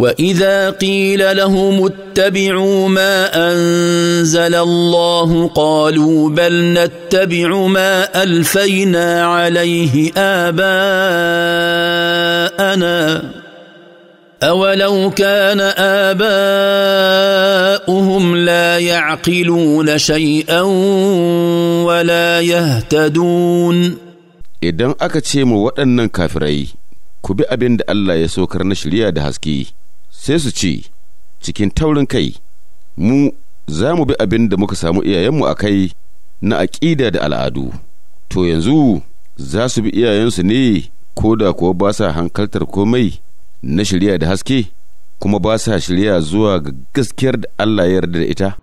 واذا قيل لهم اتبعوا ما انزل الله قالوا بل نتبع ما الفينا عليه اباءنا اولو كان اباؤهم لا يعقلون شيئا ولا يهتدون idan aka ce mu waɗannan kafirai ku bi abin da Allah ya sokar na shirya da haske sai su ce cikin taurin kai mu za mu bi abin da muka samu iyayenmu a kai na aƙida da al'adu to yanzu za su bi iyayensu ne ko da kuwa ba sa hankaltar komai na shirya da haske kuma ba sa shirya zuwa ga gaskiyar da Allah ya yarda da ita